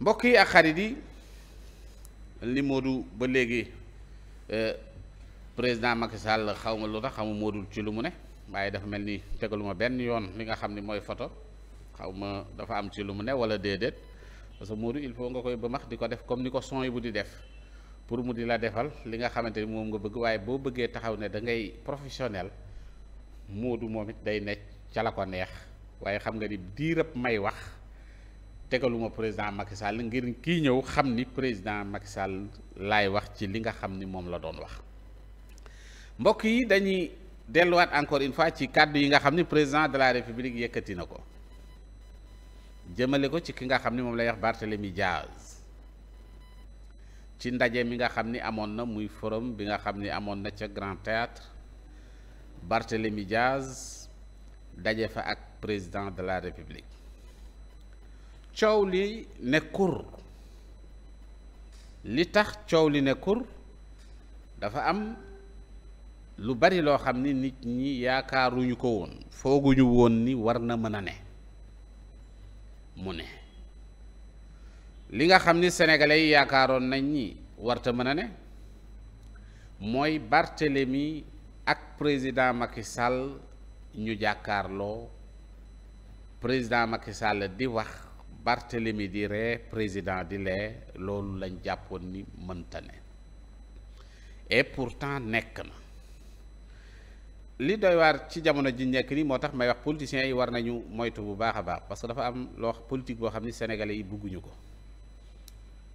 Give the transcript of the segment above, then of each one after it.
mbokk yi ak xarit yi li modu ba léegi euh, président Macky Sall xaw ma lu tax xamu Modou ci lu mu ne waaye dafa mel ni tegaluma benn yoon li nga xam ni mooy photo xaw ma dafa am ci lu mu ne wala déedéet parce que Modou il faut nga koy ba max di ko def comme ni ko son yi bu di def pour mu di la defal li nga xamante ni moom nga bëgg waaye boo bëggee taxaw ne da ngay professionnel Modou moom it day nekk ca la ko neex waaye xam nga ni diirëb may wax tegaluma président Macky Sall ngir kii ñëw xam ni président Macky Sall laay wax ci li nga xam ni moom la doon wax mbokk yi dañuy delluwaat encore une fa ci kàddu yi nga xam ni président de la république yëkkati na ko jëmale ko ci ki nga xam ni moom lay wax Barthélemy Diaz ci ndaje mi nga xam ni amoon na muy forum bi nga xam ni amoon na ca Grand Théâtre Barthélemy Diaz daje fa ak président de la république coow li ne kur li tax coow li ne kur dafa am lu bari loo xam ni nit ñi yaakaaruñu ko woon fooguñu woon ni war na mën a ne mu ne li nga xam ni sénégalais yi yaakaaroon nañ ñi warta mën a ne mooy Barthélemy ak président Macky Sall ñu jàkkaarloo président Macky Sall di wax Barthélemy di ree président di lee loolu lañ jàppoon ni mënta ne et pourtant nekk na li doy waar ci jamono ji nekk ni moo tax may wax politiciens yi war nañu moytu bu baax a baax parce que dafa am loo wax politique boo xam ni sénégalais yi bëgguñu ko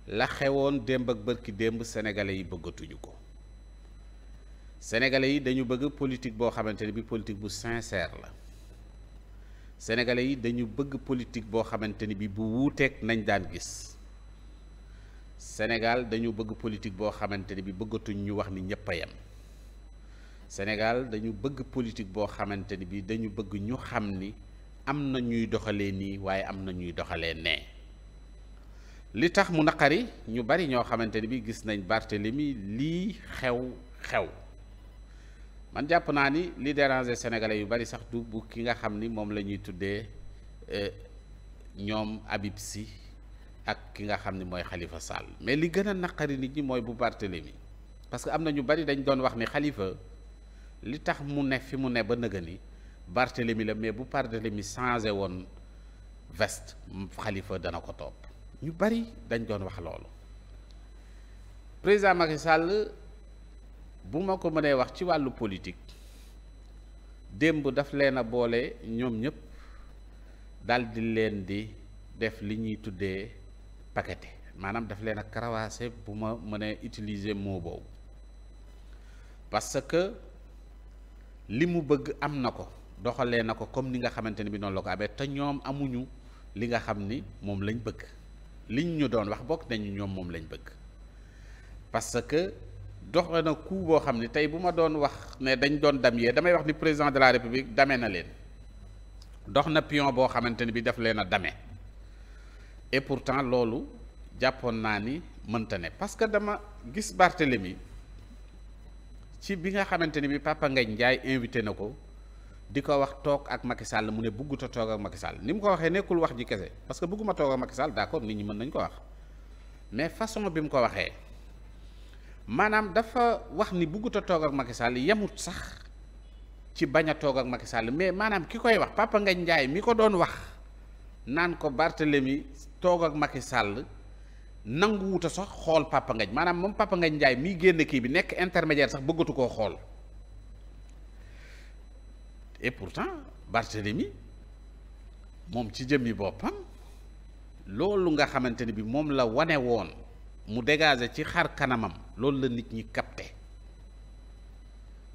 la xewoon démb ak bërki démb sénégalais yi bëggatuñu ko sénégalais yi dañu bëgg politique boo xamante ne bi politique bu sincère la sénégalais yi dañu bëgg politique boo xamante ni bi bu wuuteeg nañ daan gis senegal dañu bëgg politique boo xamante ni bi bëggatuñ ñu wax ni ñëpp a yem dañu bëgg politique boo xamante ni bi dañu bëgg ñu xam ni am na ñuy doxalee nii waaye am na ñuy doxalee nee li tax mu naqari ñu bari ñoo xamante ni bi gis nañ Barthélemy lii xew xew man jàpp naa ni li déranger sénégalais yu bari sax du bu ki nga xam ni moom la ñuy tuddee euh, ñoom Habib si ak ki nga xam ni mooy xalifa Sall mais li gën a naqari nit ñi mooy bu Barthélemy parce que am na ñu bari dañ doon wax ni Khalifa li tax mu ne fi mu ne ba nëga ni Barthélemy la mais bu Barthélemy changé woon veste xalifa dana ko topp ñu bari dañ doon wax loolu président Macky Sall bu ma ko mënee wax ci wàllu politique démb daf leen a boole ñoom ñëpp dal di leen di def li ñuy tuddee paqueté maanaam daf leen a karawaase bu ma mënee utiliser mot boobu parce que li mu bëgg am na ko doxalee na ko comme ni nga xamante ni bi noonu la ko amee te ñoom amuñu li nga xam ni moom lañ bëgg liñ ñu doon wax bokk nañu ñoom moom lañ bëgg parce doxe na coup boo xam ne tey bu ma doon wax ne dañ doon damyee damay wax ni président de la république dame na leen dox na pion boo xamante ni bi daf leen a dame et pourtant loolu jàppoon naa ni mënta ne parce que dama gis Barthélemy ci bi nga xamante ni bi Papa ngay njaay invité na ko di ko wax toog ak Macky Sall mu ne bugguta toog ak Macky Sall ni mu ko waxee nekkul wax ji kese parce que bëgguma toog ak Macky Sall d'accord nit ñi mën nañ ko wax mais façon bi mu ko waxee maanaam dafa wax ni buggut a toog ak Macky Sall yemut sax ci bañ a toog ak Macky Sall mais maanaam ki koy wax Papa Ngagne Ndiaye mi ko doon wax naan ko Barthélemy toog ak Macky sàll nangu wuta sax xool Papa Ngagne maanaam moom Papa Ngagne Ndiaye miy génn kii bi nekk intermédiaire sax bëggatu koo xool et pourtant Barthélemy moom ci jëmmi boppam loolu nga xamante ni bi moom la wane woon mu dégager ci xar kanamam loolu la nit ñi capté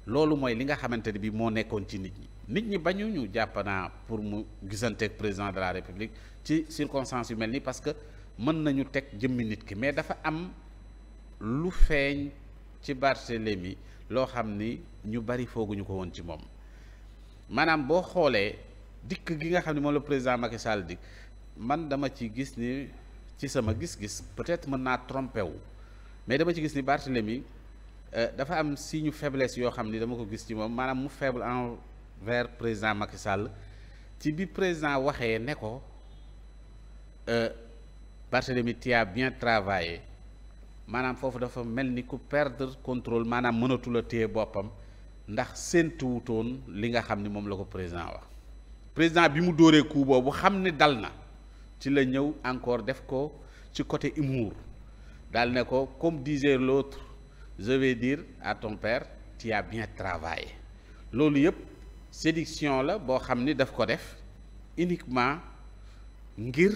loolu mooy li nga xamante ne bi moo nekkoon ci nit ñi nit ñi bañu ñu jàppanaa pour mu gisanteeg président de la république ci circonstances yu mel nii parce que mën nañu teg jëmmi nit ki mais dafa am lu feeñ ci Barthélemy loo xam ni ñu bari fooguñu ko woon ci moom maanaam boo xoolee dikk gi nga xam ne moom la président Macky Sall dikk man dama ci gis ni ci sama gis-gis peut-être mën naa trompé wu mais dama ci gis ni Barthélemy euh, dafa am signe faiblesse yoo xam ni dama ko gis ci moom maanaam mu faible envers président Macky Sall ci bi président waxee ne ko euh, Barthélemy tu as bien travaillé maanaam foofu dafa mel ni ku perdre contrôle maanaam mënatul a téye boppam ndax séentuwutoon li nga xam ni moom la ko président wax président bi mu dóoree coup boobu xam ni dal na ci la ñëw encore def ko ci côté humour daal ne ko comme disait l'autre je vais dire à ton père bien travaillé loolu yëpp séduction la boo xam ni daf ko def uniquement ngir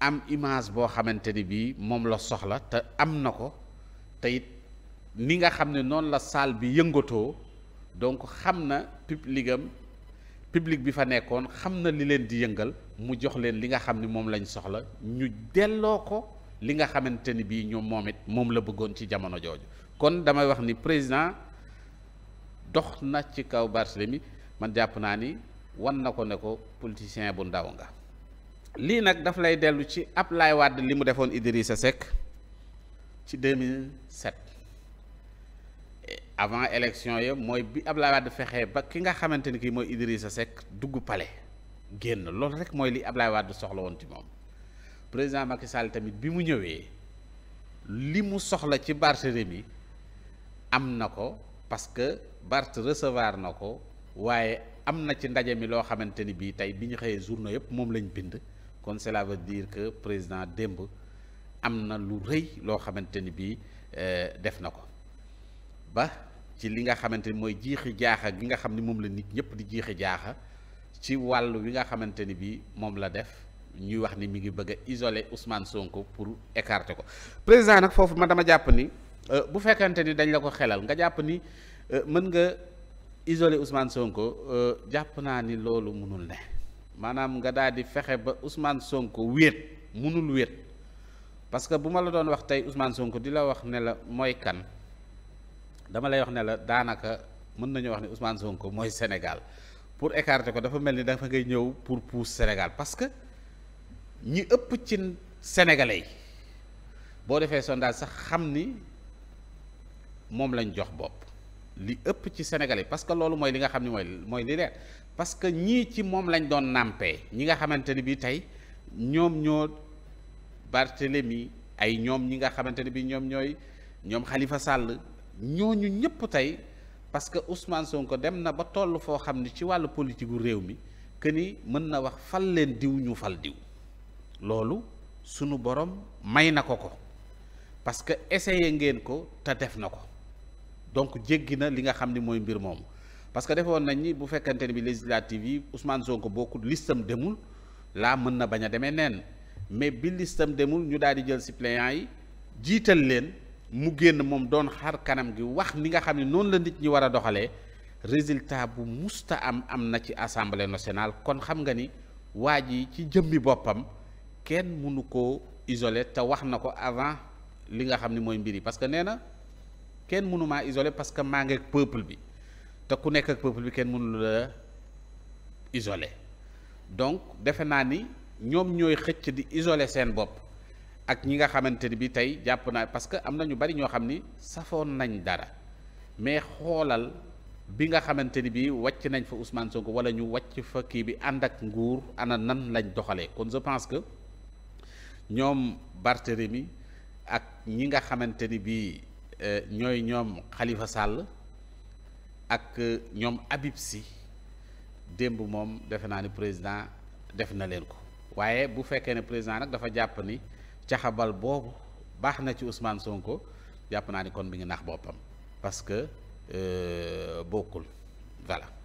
am image boo xamante ni bii moom la soxla te am na ko te it ni nga xam ne noonu la salle bi yëngatoo donc xam na publicam public bi fa nekkoon xam na li leen di yëngal mu jox leen li nga xam ni moom lañ soxla ñu delloo ko li nga xamante ni bii ñoom moom it moom la bëggoon ci jamono jooju kon damay wax ni président dox na ci kaw Barthélemy man jàpp naa ni wan na ko ne ko politicien bu ndaw nga lii nag daf lay dellu ci Ablaye Wade li mu defoon sa Seck ci 2007 avant élection ya mooy bi Ablaye Wade fexee ba ki nga xamante ni kii mooy Idrissa Seck dugg palais génn loolu rek mooy li Ablaye Wade soxla woon ci moom président Macky Sall tamit bi mu ñëwee li mu soxla ci Barthélemy am na ko parce que Barth recevoir na ko waaye am na ci ndaje mi loo xamante ni bii tey bi ñu xëyee journaux yëpp moom lañ bind kon cela veut dire que président démb am na lu rëy loo xamante ni bii euh, def na ko ba ci li nga xamante ni mooy jiixi jaaxa gi nga xam ni moom la nit ñëpp di jiixi jaaxa ci wàll wi nga xamante ni bii moom la def ñuy wax ni mi ngi bëgg a isoler Ousmane Sonko pour écarter ko président nag foofu man dama jàpp ni euh, bu fekkente ni dañ la ko xelal nga jàpp ni euh, mën nga isoler Ousmane Sonko euh, jàpp naa ni loolu mënul ne maanaam nga daal di fexe ba Ousmane Sonko wéet munul wéet parce que bu ma la doon wax tey Ousmane Sonko di la wax ne la mooy kan dama lay wax ne la daanaka mën nañu wax ne Ousmane Sonko mooy Sénégal pour écarter ko dafa mel ni dafa ngay ñëw pour pousse Sénégal parce que. ñi ëpp ci sénégalais yi boo defee sondal sax xam ni moom lañ jox bopp li ëpp ci sénégalais parce que loolu mooy li nga xam ni mooy mooy li leer parce que ñii ci moom lañ doon nàmpee ñi nga xamante ni bi tey ñoom ñoo Barthélemy ay ñoom ñi nga xamante ni bi ñoom ñooy ñoom Khalifa Sall ñooñu ñëpp tey parce que Ousmane Sonko dem na ba toll foo xam ni ci wàllu politique gu réew mi que ni mën na wax fal leen diw ñu fal diw loolu sunu borom may na ko ko parce que essayé ngeen ko te def na ko donc jéggi na li nga xam ni mooy mbir moom parce que defoon nañ ni bu fekkante ni bi législative yi ko Sonko bokkul listam demul laa mën na bañ a demee neen mais bi listam demul ñu daal di jël suppléants yi jiital leen mu génn moom doon xar kanam gi wax ni nga xam ne noonu la nit ñi war a doxalee résultat bu musta am am na ci assemblée nationale kon xam nga ni waa ji ci jëmmi boppam. kenn mënu koo isole te wax na ko avant li nga xam ne mooy mbir yi parce que nee na kenn mënu maa isolé parce que maa ngi ak peuple bi te ku nekk ak peuple bi kenn mënula isole donc defe naa ni ñoom ñooy xëcc di isole seen bopp ak ñi nga xamante ni bi tey jàpp naa parce que am na ñu bari ñoo xam ni safoon nañ dara mais xoolal bi nga xamante ni bi wàcc nañ fa Ousmane Sonko wala ñu wàcc fa kii bi ànd ak nguur ana nan lañ doxalee kon je pense que ñoom Barthélemy ak ñi nga xamante ni bii eh, ñooy ñoom xalifa sàll ak eh, ñoom Habib Sy démb moom defe naa ni président def na leen ko waaye bu fekkee ne président nag dafa jàpp ni caxabal boobu baax na ci Ousmane Sonko jàpp naa ni kon mi ngi nax boppam parce que eh, bokkul voilà.